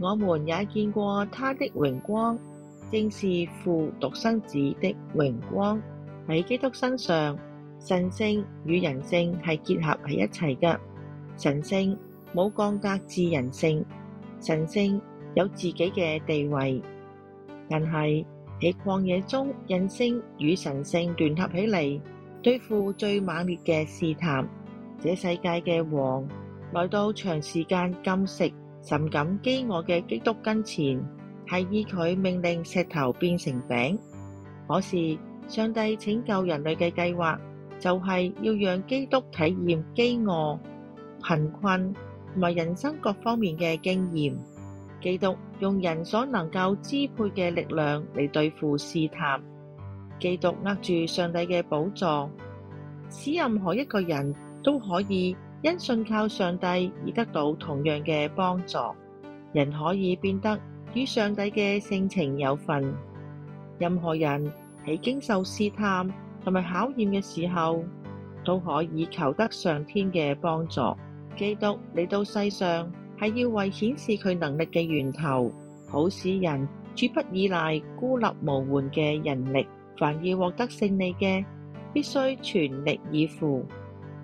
我們也見過他的榮光，正是父獨生子的榮光。喺基督身上，神性與人性係結合喺一齊嘅。神性冇降格至人性，神性有自己嘅地位。但係喺曠野中，人性與神性聯合起嚟，對付最猛烈嘅試探。這世界嘅王來到長時間禁食，甚感飢餓嘅基督跟前，係以佢命令石頭變成餅。可是上帝拯救人類嘅計劃，就係要讓基督體驗飢餓、貧困同埋人生各方面嘅經驗。基督用人所能夠支配嘅力量嚟對付試探。基督握住上帝嘅寶藏，使任何一個人都可以。因信靠上帝而得到同樣嘅幫助，人可以變得與上帝嘅性情有份。任何人喺經受試探同埋考驗嘅時候，都可以求得上天嘅幫助。基督嚟到世上，係要為顯示佢能力嘅源頭，好使人絕不依賴孤立無援嘅人力。凡要獲得勝利嘅，必須全力以赴。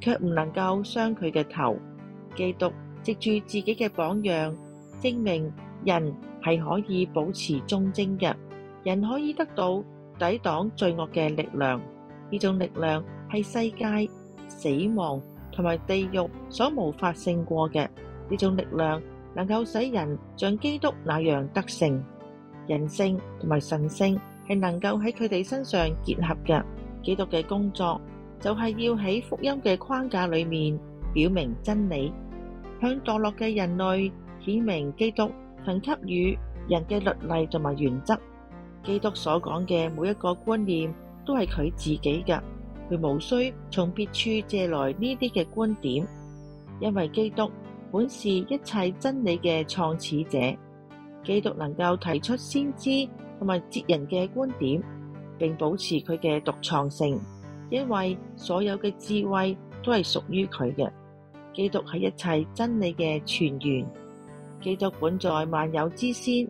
卻唔能夠傷佢嘅頭。基督藉住自己嘅榜樣，證明人係可以保持忠貞嘅，人可以得到抵擋罪惡嘅力量。呢種力量係世界、死亡同埋地獄所無法勝過嘅。呢種力量能夠使人像基督那樣得勝。人性同埋神性係能夠喺佢哋身上結合嘅。基督嘅工作，就係要喺福音嘅框架裏面表明真理，向墮落嘅人類顯明基督曾給予人嘅律例同埋原則。基督所講嘅每一個觀念都係佢自己嘅，佢無需從別處借來呢啲嘅觀點，因為基督本是一切真理嘅創始者。基督能夠提出先知同埋哲人嘅觀點，並保持佢嘅獨創性。因為所有嘅智慧都係屬於佢嘅。基督係一切真理嘅泉源。基督本在萬有之先，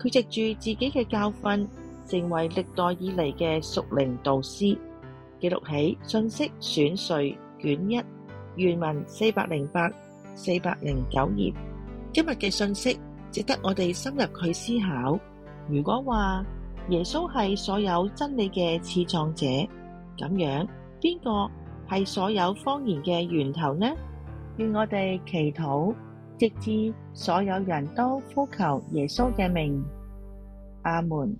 佢藉住自己嘅教訓，成為歷代以嚟嘅屬靈導師。記錄起信息選粹卷一原文四百零八、四百零九頁。今日嘅信息值得我哋深入去思考。如果話耶穌係所有真理嘅始創者。咁樣，邊個係所有謊言嘅源頭呢？願我哋祈禱，直至所有人都呼求耶穌嘅名。阿門。